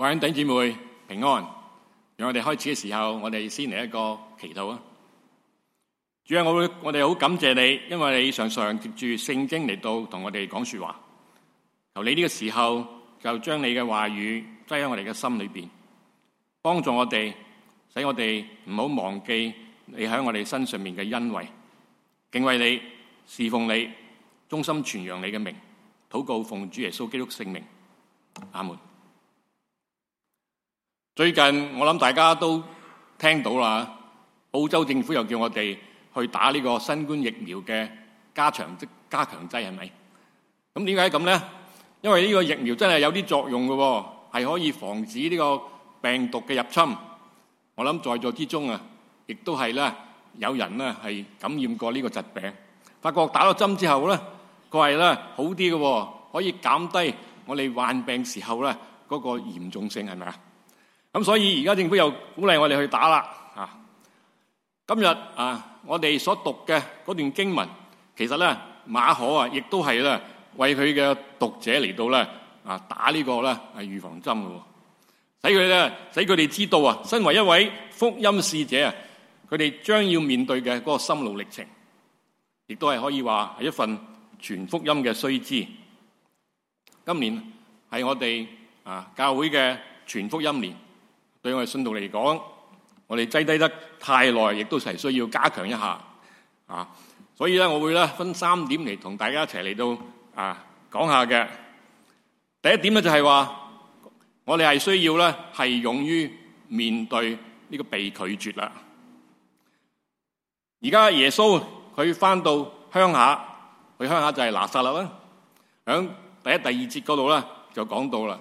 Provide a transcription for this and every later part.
我喺弟兄姊妹平安，讓我哋開始嘅時候，我哋先嚟一個祈禱啊！主啊，我會我哋好感謝你，因為你常常接住聖經嚟到同我哋講說話。求你呢個時候就將你嘅話語擠喺我哋嘅心裏面，幫助我哋，使我哋唔好忘記你喺我哋身上面嘅恩惠，敬畏你，侍奉你，忠心傳揚你嘅名，禱告奉主耶穌基督聖名，阿門。最近我諗大家都聽到啦，澳洲政府又叫我哋去打呢個新冠疫苗嘅加強劑加強劑，係咪？咁點解咁咧？因為呢個疫苗真係有啲作用嘅，係可以防止呢個病毒嘅入侵。我諗在座之中啊，亦都係咧有人咧係感染過呢個疾病，發覺打咗針之後咧，佢係咧好啲嘅，可以減低我哋患病時候咧嗰個嚴重性，係咪啊？咁所以而家政府又鼓勵我哋去打啦，啊！今日啊，我哋所讀嘅嗰段經文，其實咧馬可啊，亦都係咧為佢嘅讀者嚟到咧啊打呢個咧係預防針嘅，使佢咧使佢哋知道啊，身為一位福音使者啊，佢哋將要面對嘅嗰個心路歷程，亦都係可以話係一份全福音嘅須知。今年係我哋啊教會嘅全福音年。對我哋信徒嚟講，我哋擠低得太耐，亦都係需要加強一下啊。所以咧，我會咧分三點嚟同大家一齊嚟到啊講下嘅第一點咧，就係話我哋係需要咧係勇於面對呢個被拒絕啦。而家耶穌佢翻到鄉下，佢鄉下就係拿撒勒啦。響第一、第二節嗰度咧就講到啦，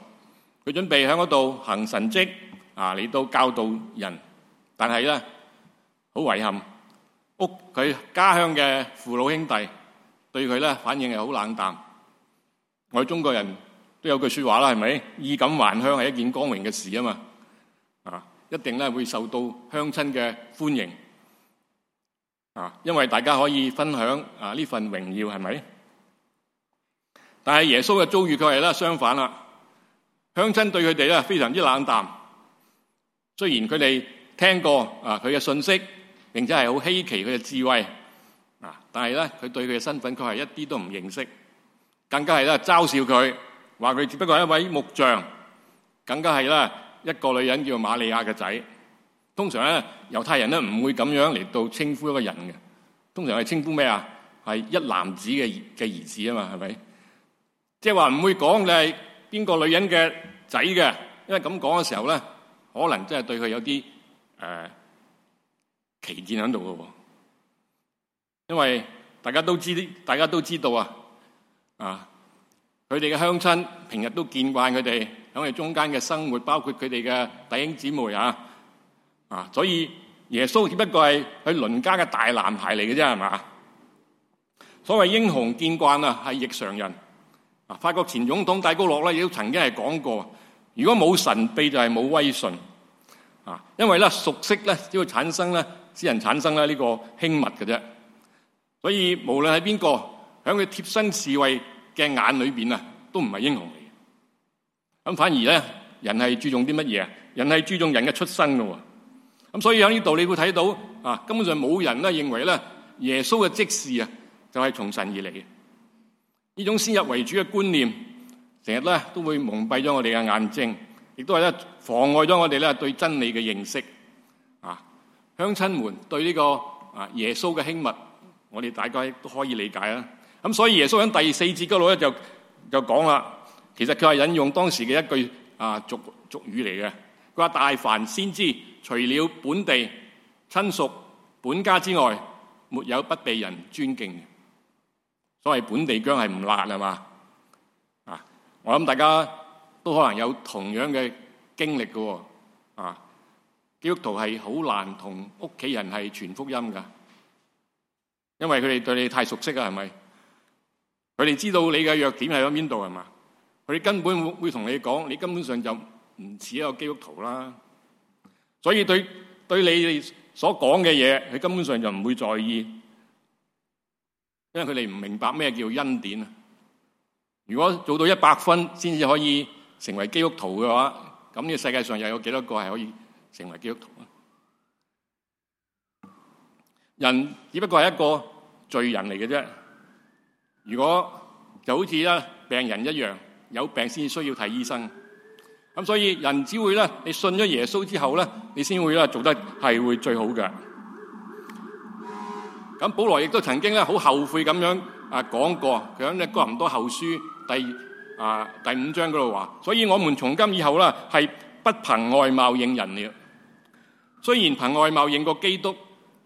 佢準備喺嗰度行神跡。啊！你都教到人，但係咧好遺憾，屋佢家鄉嘅父老兄弟對佢咧反應係好冷淡。我哋中國人都有句説話啦，係咪？衣錦還鄉係一件光榮嘅事啊嘛！啊，一定咧會受到鄉親嘅歡迎啊，因為大家可以分享啊呢份榮耀，係咪？但係耶穌嘅遭遇是，佢係啦相反啦，鄉親對佢哋咧非常之冷淡。雖然佢哋聽過啊，佢嘅信息，並且係好稀奇佢嘅智慧啊，但係咧，佢對佢嘅身份，佢係一啲都唔認識，更加係啦嘲笑佢，話佢只不過係一位木匠，更加係啦一個女人叫瑪利亞嘅仔。通常咧，猶太人咧唔會咁樣嚟到稱呼一個人嘅，通常係稱呼咩啊？係一男子嘅嘅兒子啊嘛，係咪？即係話唔會講你係邊個女人嘅仔嘅，因為咁講嘅時候咧。可能真係對佢有啲誒、呃、歧見喺度嘅喎，因為大家都知道，大家都知道啊，啊，佢哋嘅鄉親平日都見慣佢哋喺佢中間嘅生活，包括佢哋嘅弟兄姊妹啊，啊，所以耶穌只不過係佢鄰家嘅大男孩嚟嘅啫，係嘛？所謂英雄見慣啊，係異常人。啊，法國前總統戴高樂咧，亦都曾經係講過，如果冇神秘，就係冇威信。因為咧熟悉咧，只會產生咧，使人產生咧呢個輕物嘅啫。所以無論係邊個，喺佢貼身侍衛嘅眼裏邊啊，都唔係英雄嚟嘅。咁反而咧，人係注重啲乜嘢啊？人係注重人嘅出身噶。咁所以喺呢度你會睇到啊，根本上冇人咧認為咧耶穌嘅即事啊，就係從神而嚟。呢種先入為主嘅觀念，成日咧都會蒙蔽咗我哋嘅眼睛。亦都係咧，妨礙咗我哋咧對真理嘅認識啊！鄉親們對呢個啊耶穌嘅輕蔑，我哋大家都可以理解啦。咁所以耶穌喺第四節嗰度咧就就講啦，其實佢係引用當時嘅一句啊俗俗語嚟嘅。佢話：大凡先知，除了本地親屬、本家之外，沒有不被人尊敬。所謂本地姜係唔辣係嘛啊！我諗大家。都可能有同樣嘅經歷嘅、哦，啊！基督徒係好難同屋企人係傳福音嘅，因為佢哋對你太熟悉啦，係咪？佢哋知道你嘅弱點係喺邊度，係嘛？佢哋根本會同你講，你根本上就唔似一個基督徒啦。所以對對你所講嘅嘢，佢根本上就唔會在意，因為佢哋唔明白咩叫恩典啊！如果做到一百分，先至可以，成為基督徒嘅話，咁呢個世界上又有幾多個係可以成為基督徒啊？人只不過係一個罪人嚟嘅啫。如果就好似病人一樣，有病先需要睇醫生。咁所以人只會你信咗耶穌之後你先會做得係會最好嘅。保羅亦都曾經很好後悔咁樣啊講過，佢喺呢哥林多後書第。啊！第五章嗰度話，所以我們從今以後啦，係不憑外貌認人了。雖然憑外貌認過基督，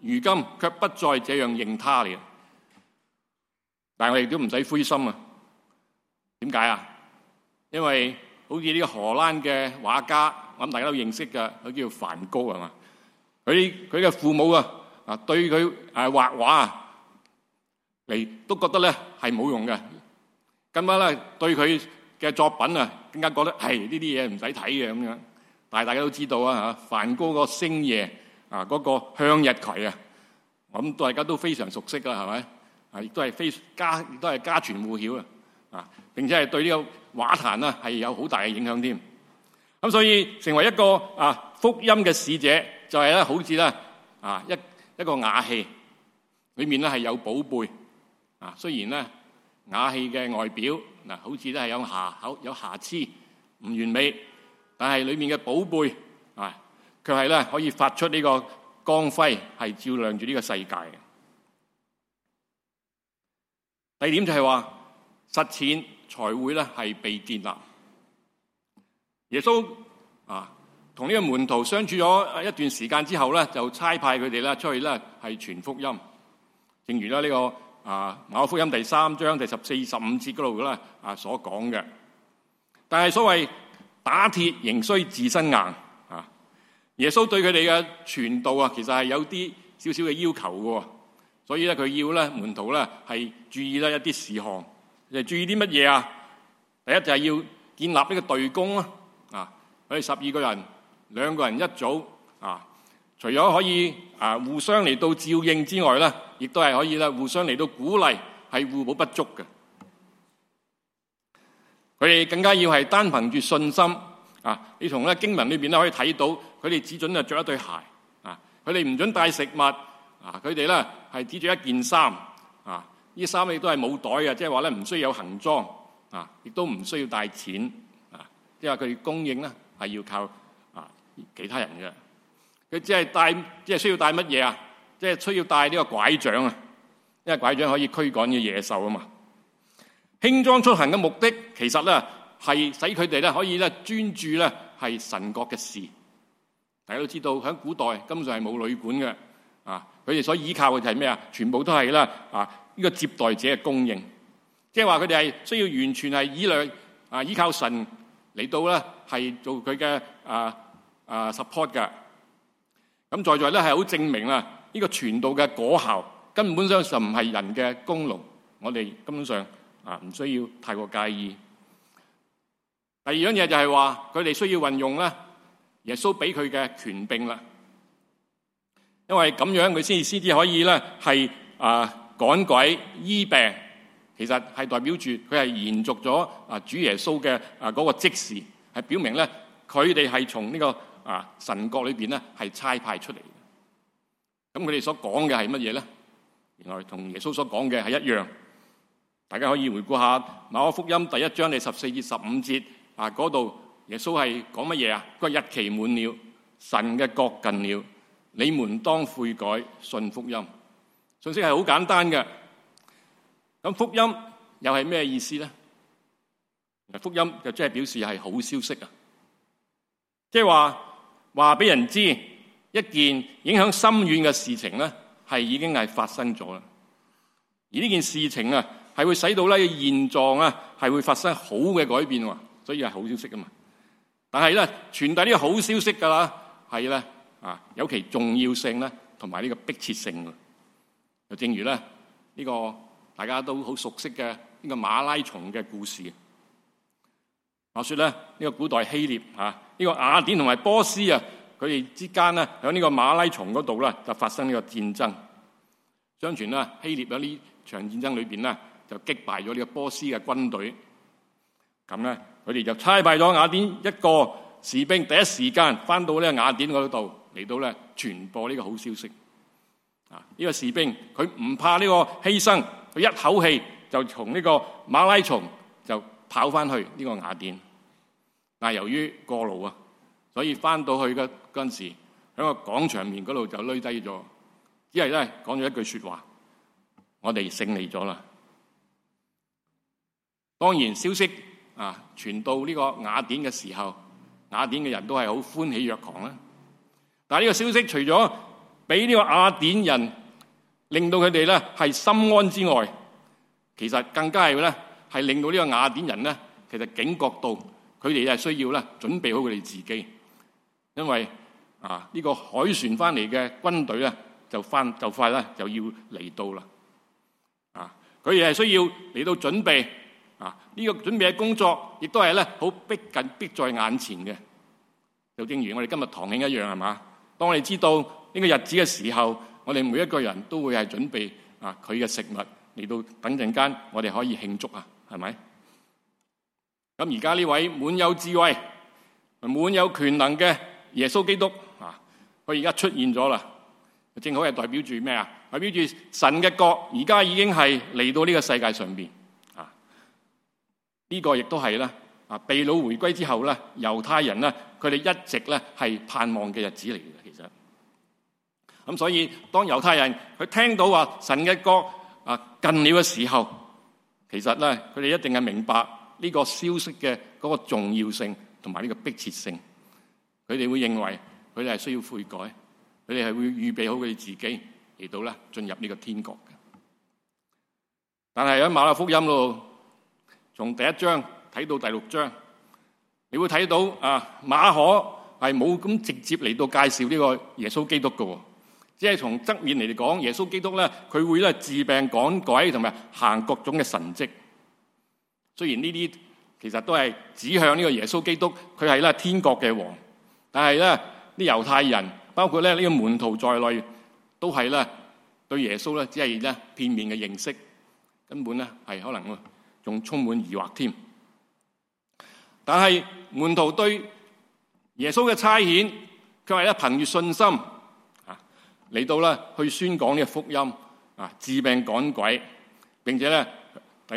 如今卻不再這樣認他了。但係我亦都唔使灰心啊。點解啊？因為好似呢個荷蘭嘅畫家，我諗大家都認識噶，佢叫梵高啊嘛。佢佢嘅父母啊，對他啊對佢誒畫畫啊嚟都覺得咧係冇用嘅。今晚咧，對佢嘅作品啊，更加覺得係呢啲嘢唔使睇嘅咁樣，但係大家都知道啊，梵高個《星夜》啊，嗰個向日葵啊，大家都非常熟悉啦，係咪？啊，亦都係非家，亦都係家傳戶曉啊！啊，並且係對呢個畫壇係有好大嘅影響添。咁、啊、所以成為一個啊福音嘅使者，就係、是、咧好似咧啊一一個瓦器，裏面咧係有寶貝啊，雖然咧。瓦器嘅外表，嗱好似都係有瑕口、有瑕疵、唔完美，但係裡面嘅寶貝啊，佢係咧可以發出呢個光輝，係照亮住呢個世界嘅。第二點就係話實踐，才會咧係被建立。耶穌啊，同呢個門徒相處咗一段時間之後咧，就差派佢哋咧出去咧係傳福音。正如啦、這、呢個。啊，馬可福音第三章第十四十五節嗰度啦，啊，所講嘅，但係所謂打鐵仍需自身硬啊！耶穌對佢哋嘅傳道啊，其實係有啲少少嘅要求嘅，啊，所以咧佢要咧門徒咧係注意咧一啲事項，就係注意啲乜嘢啊？第一就係要建立呢個隊工啊，佢、啊、哋十二個人，兩個人一組啊。除咗可以啊互相嚟到照應之外咧，亦都係可以咧互相嚟到鼓勵，係互補不足嘅。佢哋更加要係單憑住信心啊！你從咧經文裏邊咧可以睇到，佢哋只準啊着一對鞋啊，佢哋唔準帶食物啊，佢哋咧係只着一件衫啊，呢衫亦都係冇袋嘅，即係話咧唔需要有行裝啊，亦都唔需要帶錢啊，即係話佢哋供應咧係要靠啊其他人嘅。佢只係帶，即係需要帶乜嘢啊？即係需要帶呢個拐杖啊，因為拐杖可以驅趕嘅野獸啊嘛。輕裝出行嘅目的其實咧係使佢哋咧可以咧專注咧係神國嘅事。大家都知道喺古代根本上係冇旅館嘅啊，佢哋所依靠嘅就係咩啊？全部都係啦啊！呢個接待者嘅供應，即係話佢哋係需要完全係倚賴啊，依靠神嚟到咧係做佢嘅啊啊 support 㗎。咁在在咧係好證明啦，呢、這個傳道嘅果效根本上就唔係人嘅功勞，我哋根本上啊唔需要太過介意。第二樣嘢就係話佢哋需要運用咧耶穌俾佢嘅權柄啦，因為咁樣佢先先至可以咧係啊趕鬼醫病，其實係代表住佢係延續咗啊主耶穌嘅啊嗰個職事，係表明咧佢哋係從呢個。啊！神國裏邊咧係差派出嚟嘅。咁佢哋所講嘅係乜嘢咧？原來同耶穌所講嘅係一樣，大家可以回顧下《馬可福音》第一章第十四至十五節啊，嗰度耶穌係講乜嘢啊？個日期滿了，神嘅國近了，你們當悔改，信福音。信息係好簡單嘅，咁福音又係咩意思咧？福音就即係表示係好消息啊，即係話。話俾人知一件影響深遠嘅事情咧，係已經係發生咗啦。而呢件事情啊，係會使到呢現狀啊，係會發生好嘅改變，所以係好消息啊嘛。但係咧，傳遞呢個好消息噶啦，係咧啊，有其重要性咧，同埋呢個迫切性。就正如咧呢個大家都好熟悉嘅呢個馬拉松嘅故事。話說咧呢個古代希臘啊呢個雅典同埋波斯啊，佢哋之間呢，喺呢個馬拉松嗰度咧就發生呢個戰爭。相傳咧，希臘喺呢場戰爭裏邊咧就擊敗咗呢個波斯嘅軍隊。咁咧，佢哋就差派咗雅典一個士兵，第一時間翻到呢個雅典嗰度嚟到咧傳播呢個好消息。啊，呢個士兵佢唔怕呢個犧牲，佢一口氣就從呢個馬拉松就跑翻去呢個雅典。但由於過勞啊，所以翻到去嘅嗰陣時喺個廣場面嗰度就累低咗，只係咧講咗一句説話，我哋勝利咗啦。當然消息啊傳到呢個雅典嘅時候，雅典嘅人都係好歡喜若狂啦。但係呢個消息除咗俾呢個雅典人令到佢哋咧係心安之外，其實更加係咧係令到呢個雅典人咧其實警覺到。佢哋係需要啦，準備好佢哋自己，因為啊呢個海船翻嚟嘅軍隊咧，就翻就快啦，就要嚟到啦。啊，佢哋係需要嚟到準備。啊，呢個準備嘅工作亦都係咧好逼近，迫在眼前嘅。就正如我哋今日唐慶一樣，係嘛？當我哋知道呢個日子嘅時候，我哋每一個人都會係準備啊佢嘅食物嚟到，等陣間我哋可以慶祝啊，係咪？咁而家呢位滿有智慧、滿有權能嘅耶穌基督啊，佢而家出現咗啦，正好係代表住咩啊？代表住神嘅國，而家已經係嚟到呢個世界上邊啊。呢個亦都係啦啊，被擄回歸之後咧，猶太人咧，佢哋一直咧係盼望嘅日子嚟嘅。其實咁，所以當猶太人佢聽到話神嘅國啊近了嘅時候，其實咧佢哋一定係明白。呢個消息嘅嗰個重要性同埋呢個迫切性，佢哋會認為佢哋係需要悔改，佢哋係會預備好佢自己嚟到咧進入呢個天國。但係喺馬可福音度，從第一章睇到第六章，你會睇到啊馬可係冇咁直接嚟到介紹呢個耶穌基督嘅，即係從側面嚟嚟講耶穌基督咧，佢會咧治病趕鬼同埋行各種嘅神蹟。雖然呢啲其實都係指向呢個耶穌基督，佢係咧天國嘅王，但係咧啲猶太人，包括咧呢個門徒在內，都係咧對耶穌咧只係咧片面嘅認識，根本咧係可能仲充滿疑惑添。但係門徒對耶穌嘅差遣，佢係咧憑住信心啊嚟到啦去宣講呢個福音啊，治病趕鬼，並且咧。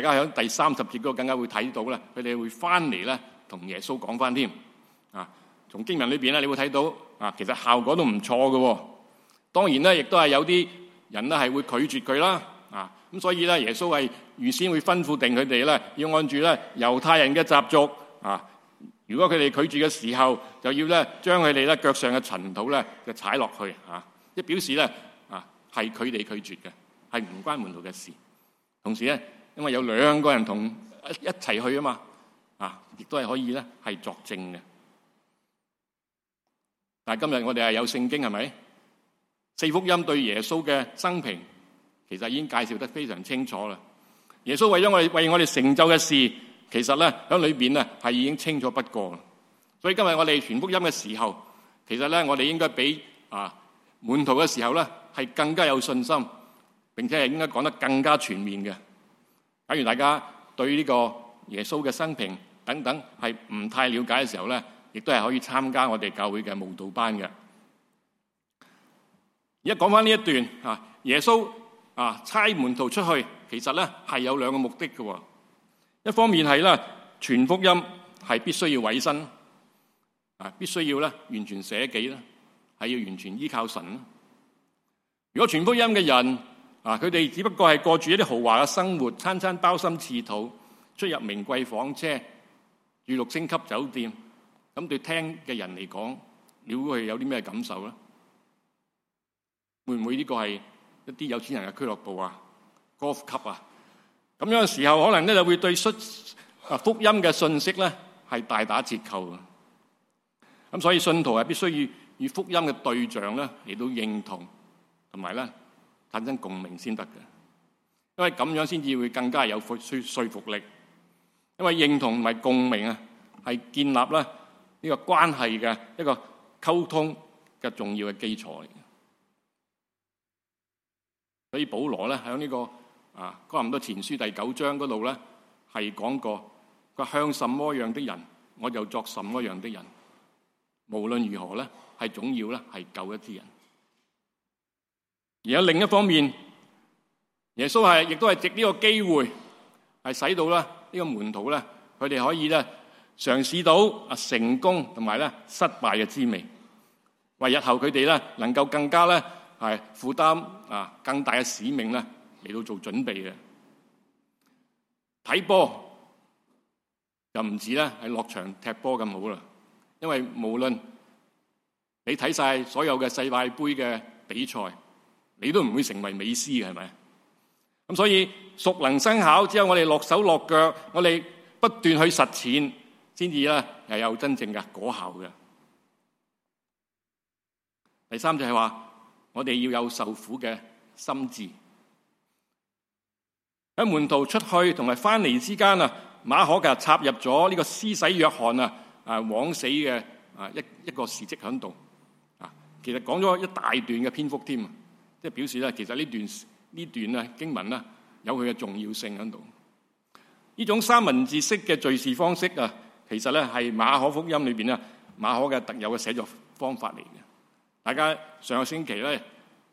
大家喺第三十節嗰個更加會睇到咧，佢哋會翻嚟咧，同耶穌講翻添啊。從經文裏邊咧，你會睇到啊，其實效果都唔錯嘅。當然咧，亦都係有啲人咧係會拒絕佢啦啊。咁所以咧，耶穌係預先會吩咐定佢哋咧，要按住咧猶太人嘅習俗啊。如果佢哋拒絕嘅時候，就要咧將佢哋咧腳上嘅塵土咧就踩落去啊，即表示咧啊係佢哋拒絕嘅，係唔關門徒嘅事。同時咧。因為有兩個人同一一齊去啊嘛，啊，亦都係可以咧，係作證嘅。但係今日我哋係有聖經係咪？四福音對耶穌嘅生平其實已經介紹得非常清楚啦。耶穌為咗我哋為我哋成就嘅事，其實咧喺裏邊啊係已經清楚不過了。所以今日我哋傳福音嘅時候，其實咧我哋應該比啊滿途嘅時候咧係更加有信心，並且係應該講得更加全面嘅。假如大家對呢個耶穌嘅生平等等是唔太了解嘅時候呢，亦都係可以參加我哋教會嘅慕道班嘅。而家講返呢一段耶穌啊差門徒出去，其實呢是有兩個目的嘅，哦。一方面是全福音係必須要委身，啊，必須要完全捨己，是要完全依靠神。如果全福音嘅人，嗱，佢哋只不過係過住一啲豪華嘅生活，餐餐鮑參翅肚，出入名貴房車，住六星級酒店。咁對聽嘅人嚟講，你會係有啲咩感受咧？會唔會呢個係一啲有錢人嘅俱樂部啊、Golf Club 啊？咁樣嘅時候，可能咧就會對出啊福音嘅信息咧係大打折扣的。咁所以信徒係必須要與福音嘅對象咧，嚟到認同，同埋咧，產生共鳴先得嘅，因為咁樣先至會更加有説説服力。因為認同同埋共鳴啊，係建立咧呢個關係嘅一個溝通嘅重要嘅基礎。所以保羅咧喺呢個啊《哥林多前書》第九章嗰度咧係講過，佢向什麼樣的人，我就作什麼樣的人。無論如何咧，係總要咧係救一啲人。而有另一方面，耶穌係亦都係藉呢個機會，係使到咧呢個門徒咧，佢哋可以咧嘗試到啊成功同埋咧失敗嘅滋味，為日後佢哋咧能夠更加咧係負擔啊更大嘅使命咧嚟到做準備嘅。睇波又唔似咧喺落場踢波咁好啦，因為無論你睇晒所有嘅世界杯嘅比賽。你都唔會成為美師嘅，係咪？咁所以熟能生巧之後，只有我哋落手落腳，我哋不斷去實踐，先至呢，又有真正嘅果效嘅。第三就係話，我哋要有受苦嘅心志。喺門徒出去同埋返嚟之間啊，馬可就插入咗呢、這個施洗約翰啊啊枉死嘅一一個事蹟喺度，其實講咗一大段嘅篇幅添。即係表示咧，其實呢段呢段咧經文咧，有佢嘅重要性喺度。呢種三文治式嘅敘事方式啊，其實咧係馬可福音裏邊咧，馬可嘅特有嘅寫作方法嚟嘅。大家上個星期咧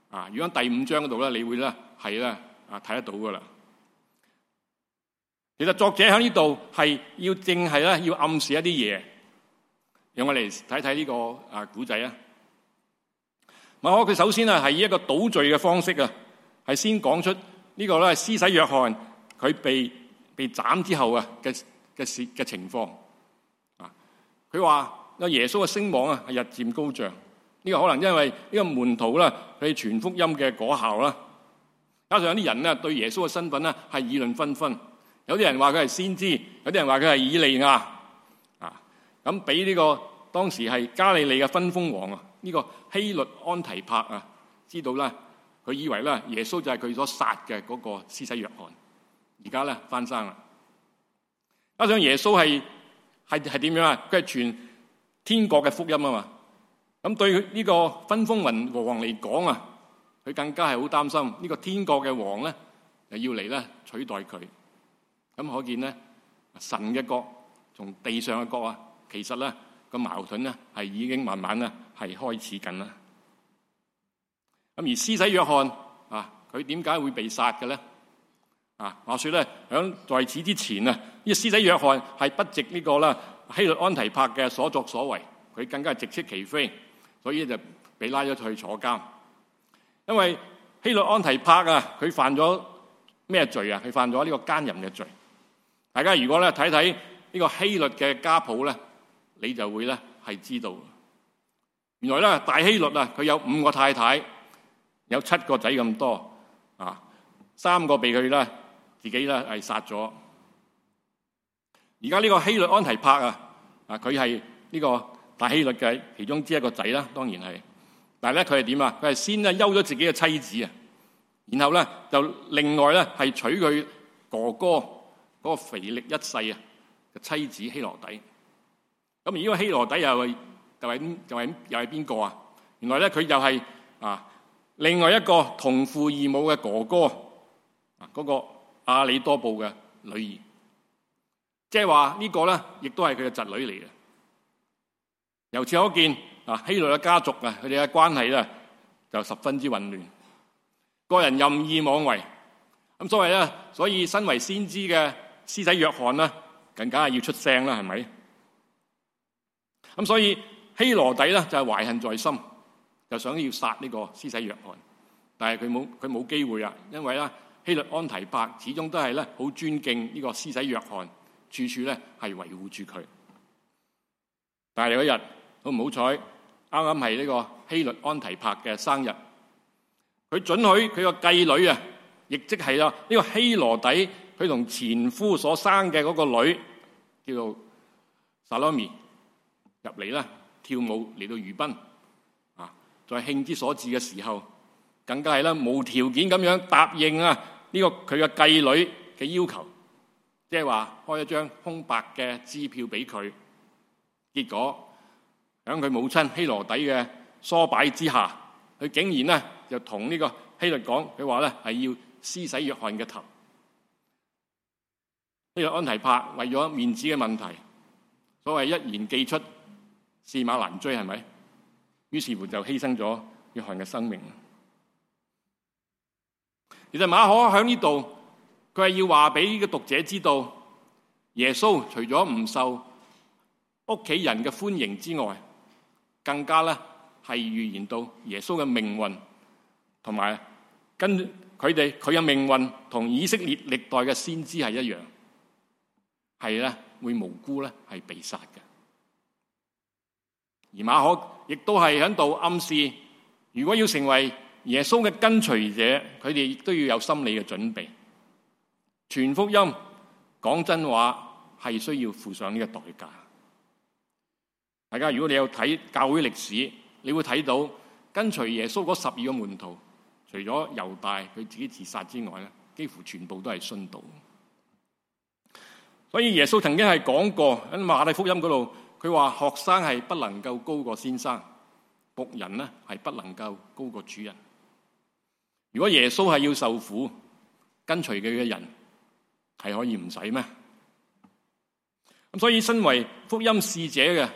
啊，如果第五章度咧，你會咧係咧啊睇得到㗎啦。其實作者喺呢度係要淨係咧要暗示一啲嘢，讓我嚟睇睇呢個啊古仔啊。佢首先啊，係以一個倒敘嘅方式啊，係先講出呢個咧施洗約翰佢被被斬之後啊嘅嘅事嘅情況啊。佢話耶穌嘅聲望啊，係日漸高漲。呢個可能因為呢個門徒啦，佢傳福音嘅果效啦，加上有啲人咧對耶穌嘅身份咧係議論紛紛。有啲人話佢係先知，有啲人話佢係以利亞啊。咁俾呢個當時係加利利嘅分封王啊，呢個。希律安提帕啊，知道啦，佢以為咧耶穌就係佢所殺嘅嗰個施洗約翰，而家咧翻生啦。加上耶穌係係係點樣啊？佢係傳天國嘅福音啊嘛。咁對呢個分封和王嚟講啊，佢更加係好擔心呢個天國嘅王咧要嚟咧取代佢。咁可見咧神嘅國從地上嘅國啊，其實咧。矛盾呢，係已經慢慢呢，係開始緊啦。咁而施洗約翰啊，佢點解會被殺嘅咧？啊，話說咧響在，在此之前啊，呢個施洗約翰係不值呢、呢個啦希律安提帕嘅所作所為，佢更加直斥其非，所以就被拉咗去坐監。因為希律安提帕啊，佢犯咗咩罪啊？佢犯咗呢個奸淫嘅罪。大家如果咧睇睇呢，看看個希律嘅家譜咧。你就會咧係知道，原來咧大希律啊，佢有五個太太，有七個仔咁多啊，三個被佢咧自己咧係殺咗。而家呢個希律安提帕啊，啊佢係呢個大希律嘅其中之一個仔啦，當然係，但係咧佢係點啊？佢係先咧休咗自己嘅妻子啊，然後咧就另外咧係娶佢哥哥嗰個肥力一世啊嘅妻子希羅底。咁而呢個希羅底又係又係又係又係邊個啊？原來咧佢又係啊另外一個同父異母嘅哥哥啊，嗰個阿里多布嘅女兒，即係話呢個咧亦都係佢嘅侄女嚟嘅。由此可見啊，希羅嘅家族啊，佢哋嘅關係咧就十分之混亂，個人任意妄為。咁所謂咧，所以身為先知嘅施洗約翰呢，更加係要出聲啦，係咪？咁所以希羅底咧就係、是、懷恨在心，就想要殺呢個施洗約翰，但係佢冇佢冇機會啊，因為咧希律安提帕始終都係咧好尊敬呢個施洗約翰，處處咧係維護住佢。但係有一日，好唔好彩，啱啱係呢個希律安提帕嘅生日，佢准許佢個繼女啊，亦即係啦呢個希羅底佢同前夫所生嘅嗰個女叫做撒羅米。入嚟啦，跳舞嚟到娛賓，啊，在興之所至嘅時候，更加係啦，無條件咁樣答應啊呢個佢嘅繼女嘅要求，即係話開一張空白嘅支票俾佢。結果響佢母親希羅底嘅梳擺之下，佢竟然呢就同呢個希律講，佢話咧係要施洗約翰嘅頭。呢個安提帕為咗面子嘅問題，所謂一言既出。駟馬難追係咪？於是乎就犧牲咗約翰嘅生命。其實馬可喺呢度，佢係要話俾呢個讀者知道，耶穌除咗唔受屋企人嘅歡迎之外，更加咧係預言到耶穌嘅命運，同埋跟佢哋佢嘅命運同以色列歷代嘅先知係一樣，係咧會無辜咧係被殺嘅。而馬可亦都係喺度暗示，如果要成為耶穌嘅跟隨者，佢哋亦都要有心理嘅準備。傳福音、講真話係需要付上呢個代價。大家如果你有睇教會歷史，你會睇到跟隨耶穌嗰十二個門徒，除咗猶大佢自己自殺之外咧，幾乎全部都係殉道。所以耶穌曾經係講過喺馬太福音嗰度。佢話學生係不能夠高過先生，僕人呢係不能夠高過主人。如果耶穌係要受苦，跟隨佢嘅人係可以唔使咩？咁所以身為福音侍者嘅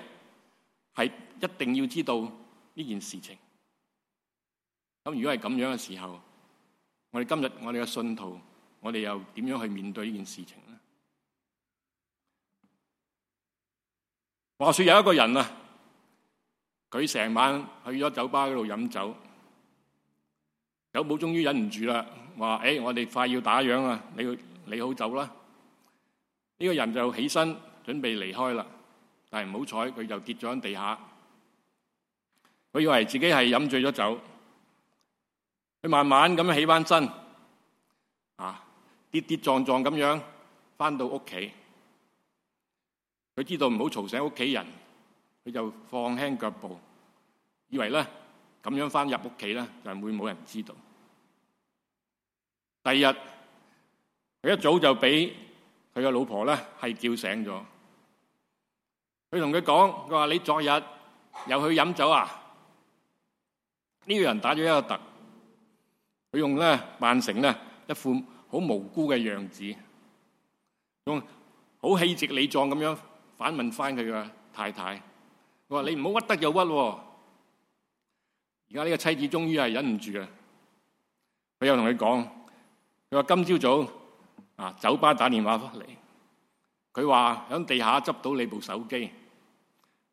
係一定要知道呢件事情。咁如果係咁樣嘅時候，我哋今日我哋嘅信徒，我哋又點樣去面對呢件事情？話說有一個人啊，佢成晚去咗酒吧嗰度飲酒，酒保終於忍唔住啦，話：誒、欸，我哋快要打烊啊，你你好走啦！呢、這個人就起身準備離開啦，但係唔好彩佢就跌咗喺地下，佢以為自己係飲醉咗酒，佢慢慢咁起返身，啊，跌跌撞撞咁樣返到屋企。佢知道唔好嘈醒屋企人，佢就放輕腳步，以為咧咁樣翻入屋企咧就係會冇人知道。第二日佢一早就俾佢個老婆咧係叫醒咗，佢同佢講，佢話你昨日又去飲酒啊？呢個人打咗一個突，佢用咧扮成咧一副好無辜嘅樣子，用好氣直理壯咁樣，反問翻佢嘅太太，佢話：你唔好屈得又屈喎！而家呢個妻子終於係忍唔住啦，佢又同佢講：佢話今朝早啊酒吧打電話翻嚟，佢話響地下執到你部手機，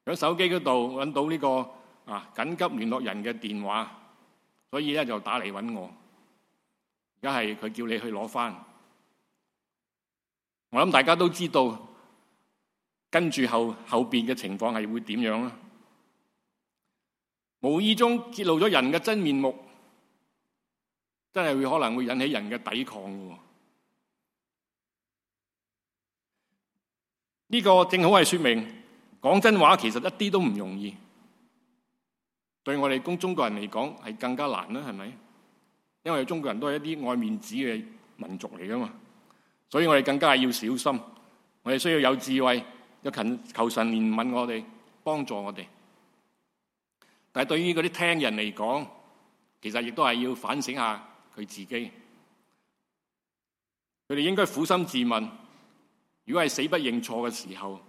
喺手機嗰度揾到呢個啊緊急聯絡人嘅電話，所以咧就打嚟揾我。而家係佢叫你去攞翻，我諗大家都知道。跟住後後邊嘅情況係會點樣啦？無意中揭露咗人嘅真面目，真係會可能會引起人嘅抵抗噶。呢個正好係說明講真話，其實一啲都唔容易。對我哋中中國人嚟講，係更加難啦，係咪？因為中國人都係一啲愛面子嘅民族嚟噶嘛，所以我哋更加係要小心，我哋需要有智慧。要求神憐憫我哋，幫助我哋。但對於嗰啲聽人嚟講，其實亦都係要反省下佢自己。佢哋應該苦心自問：如果係死不認錯嘅時候，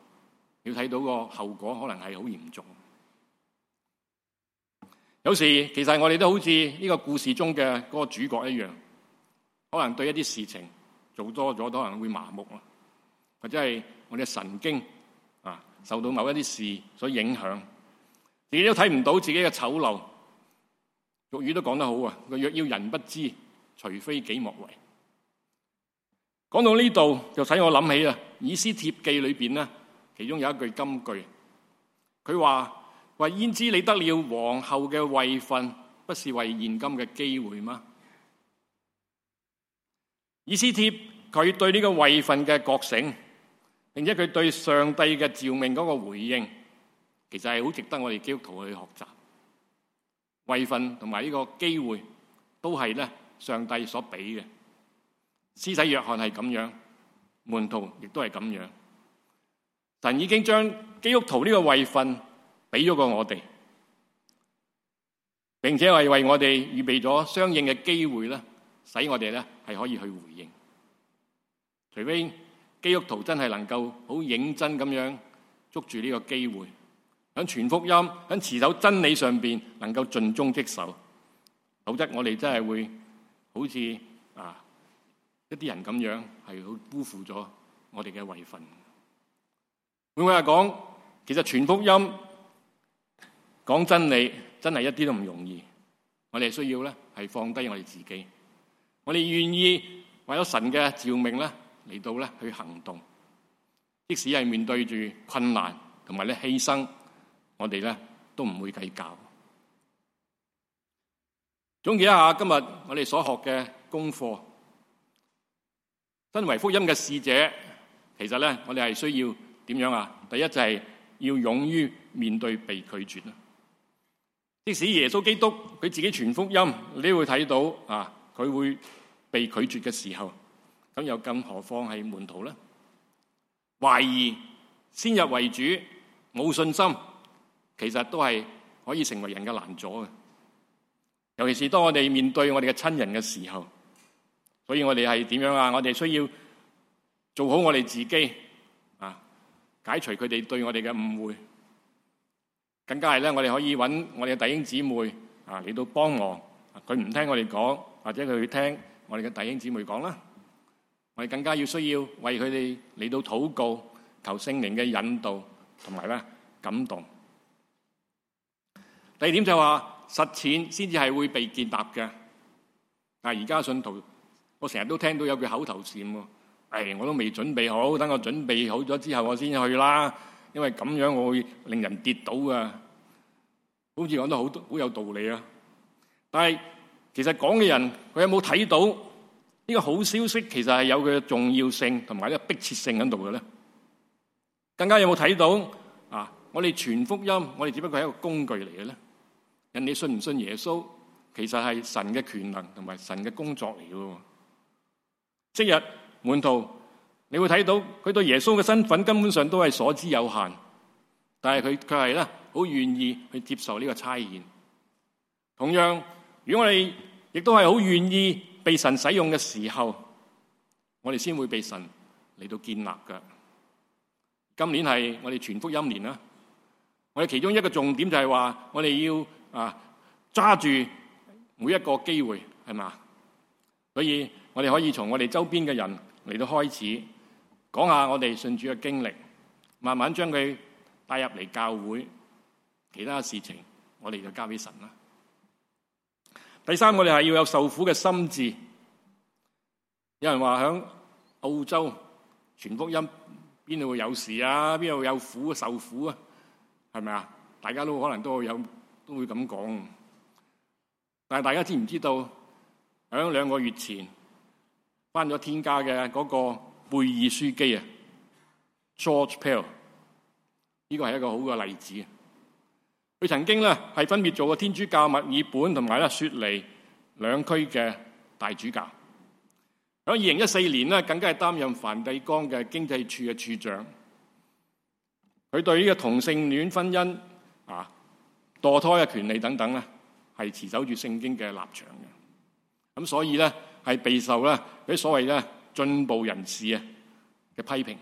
要睇到個後果，可能係好嚴重。有時其實我哋都好似呢個故事中嘅嗰個主角一樣，可能對一啲事情做多咗，可能會麻木或者係我哋嘅神經。受到某一啲事所影響，自己都睇唔到自己嘅醜陋。俗語都講得好啊，若要人不知，除非己莫為。講到呢度，就使我諗起啦，《以斯帖記》裏面呢，其中有一句金句，佢話：為焉知你得了皇后嘅位份，不是為現今嘅機會嗎？《以斯帖》佢對呢個位份嘅覺醒。並且佢對上帝嘅召命嗰個回應，其實係好值得我哋基督徒去學習。位分同埋呢個機會，都係咧上帝所俾嘅。施洗約翰係咁樣，門徒亦都係咁樣。神已經將基督徒呢個位分俾咗過我哋，並且係爲我哋預備咗相應嘅機會咧，使我哋咧係可以去回應。除非基督徒真係能夠好認真咁樣捉住呢個機會，喺傳福音、喺持守真理上邊能夠盡忠職守，否則我哋真係會好似啊一啲人咁樣，係好辜負咗我哋嘅遺訓。換句話講，其實傳福音講真理真係一啲都唔容易，我哋需要咧係放低我哋自己我願，我哋願意為咗神嘅照明咧，嚟到咧去行動，即使係面對住困難同埋咧犧牲，我哋咧都唔會計較。總結一下今日我哋所學嘅功課，身為福音嘅使者，其實咧我哋係需要點樣啊？第一就係要勇於面對被拒絕啦。即使耶穌基督佢自己傳福音，你都會睇到啊，佢會被拒絕嘅時候。咁又更何況係門徒咧？懷疑先入為主，冇信心，其實都係可以成為人嘅難阻嘅。尤其是當我哋面對我哋嘅親人嘅時候，所以我哋係點樣啊？我哋需要做好我哋自己啊，解除佢哋對我哋嘅誤會，更加係咧。我哋可以揾我哋嘅弟兄姊妹啊，嚟到幫我佢唔聽我哋講，或者佢聽我哋嘅弟兄姊妹講啦。我哋更加要需要為佢哋嚟到禱告，求聖靈嘅引導同埋咧感動。第二點就話實踐先至係會被建立嘅。但係而家信徒，我成日都聽到有句口頭禪誒、哎，我都未準備好，等我準備好咗之後我先去啦。因為咁樣我會令人跌倒噶，好似講得好好有道理啊。但係其實講嘅人，佢有冇睇到？呢個好消息其實係有佢嘅重要性同埋呢個迫切性喺度嘅咧，更加有冇睇到啊？我哋傳福音，我哋只不過係一個工具嚟嘅咧。人哋信唔信耶穌，其實係神嘅權能同埋神嘅工作嚟嘅。昔日門徒你會睇到佢對耶穌嘅身份根本上都係所知有限，但係佢卻係咧好願意去接受呢個差遣。同樣，如果我哋亦都係好願意。被神使用嘅時候，我哋先會被神嚟到建立嘅。今年係我哋全福音年啦，我哋其中一個重點就係話，我哋要啊抓住每一個機會，係嘛？所以我哋可以從我哋周邊嘅人嚟到開始，講下我哋信主嘅經歷，慢慢將佢帶入嚟教會。其他事情，我哋就交俾神啦。第三，我哋係要有受苦嘅心志。有人話響澳洲傳福音，邊度會有事啊？邊度會有苦受苦啊？係咪啊？大家都可能都有都會咁講。但係大家知唔知道？響兩個月前，返咗天家嘅嗰個貝爾樞機啊，George Pell，呢個係一個好嘅例子。佢曾經咧，係分別做過天主教墨爾本同埋雪梨兩區嘅大主教。喺二零一四年咧，更加係擔任梵蒂岡嘅經濟處嘅處長。佢對呢個同性戀婚姻啊、墮胎嘅權利等等咧，係持守住聖經嘅立場嘅。咁所以咧，係備受咧啲所謂咧進步人士啊嘅批評。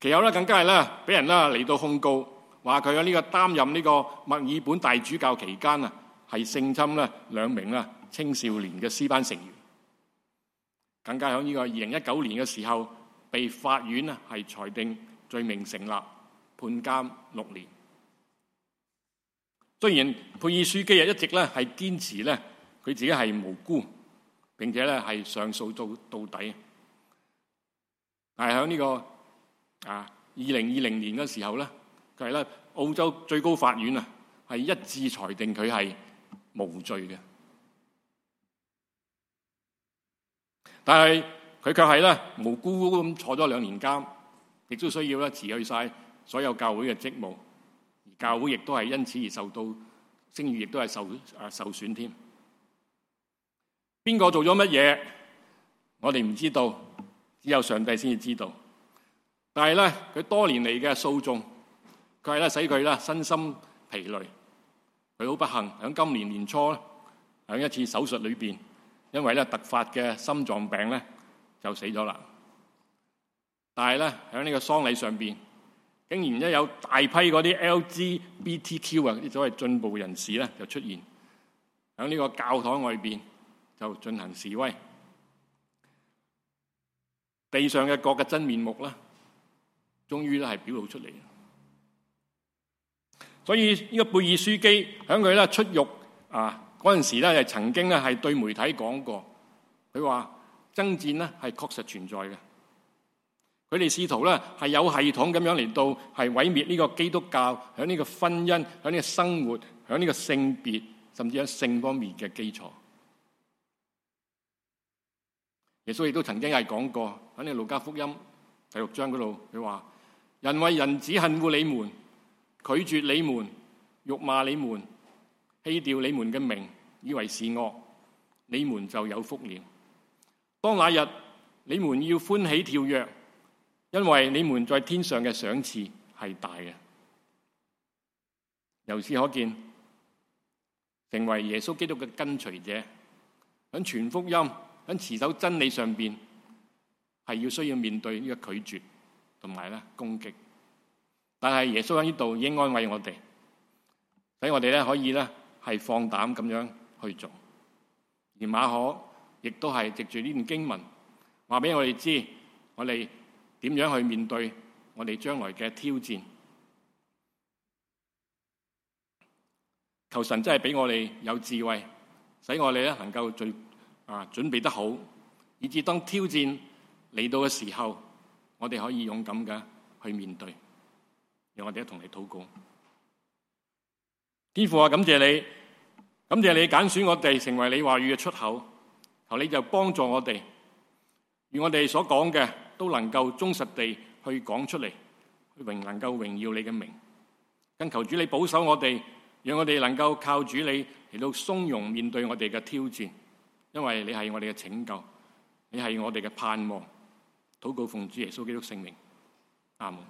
其後咧更加係咧俾人啦嚟到控告。話佢喺呢個擔任呢個墨爾本大主教期間啊，係性侵咧兩名啦青少年嘅詩班成員，更加喺呢個二零一九年嘅時候，被法院啊係裁定罪名成立，判監六年。雖然佩爾樞機啊一直咧係堅持咧佢自己係無辜，並且咧係上訴到到底，係喺呢個啊二零二零年嘅時候咧。係啦，係澳洲最高法院啊，係一致裁定佢係無罪嘅。但係佢卻係咧無辜咁坐咗兩年監，亦都需要咧辭去晒所有教會嘅職務，而教會亦都係因此而受到聲譽，亦都係受啊受損添。邊個做咗乜嘢？我哋唔知道，只有上帝先至知道。但係咧，佢多年嚟嘅訴訟。佢係咧使佢啦，身心疲累，佢好不幸喺今年年初咧，喺一次手術裏邊，因為咧突發嘅心臟病咧，就死咗啦。但係咧喺呢個喪禮上邊，竟然咧有大批嗰啲 LGBTQ 啊，啲所謂進步人士咧就出現喺呢個教堂外邊就進行示威，地上嘅各嘅真面目咧，終於咧係表露出嚟。所以呢個貝爾書機喺佢出獄啊嗰陣時咧，曾經咧係對媒體講過，佢話爭戰呢係確實存在嘅。佢哋試圖呢係有系統咁樣嚟到係毀滅呢個基督教喺呢個婚姻、喺呢個生活、喺呢個性別，甚至喺性方面嘅基礎。耶穌亦都曾經係講過喺《呢個路加福音》第六章嗰度，佢話：人為人子恨惡你們。拒絕你們，辱罵你們，棄掉你們嘅名，以為是惡，你們就有福了。當那日你們要歡喜跳躍，因為你們在天上嘅賞賜係大嘅。由此可見，成為耶穌基督嘅跟隨者，喺傳福音、喺持守真理上面，係要需要面對呢個拒絕同埋攻擊。但係耶穌喺呢度已經安慰我哋，使我哋咧可以咧係放膽咁樣去做。而馬可亦都係藉住呢段經文，話俾我哋知我哋點樣去面對我哋將來嘅挑戰。求神真係俾我哋有智慧，使我哋咧能夠最啊準備得好，以致當挑戰嚟到嘅時候，我哋可以勇敢嘅去面對。讓我哋一同嚟禱告。天父啊，感謝你，感謝你揀選我哋成為你話語嘅出口，求你就幫助我哋，而我哋所講嘅都能夠忠實地去講出嚟，榮能夠榮耀你嘅名。更求主你保守我哋，讓我哋能夠靠主你嚟到從容面對我哋嘅挑戰，因為你係我哋嘅拯救，你係我哋嘅盼望。禱告奉主耶穌基督聖名，阿門。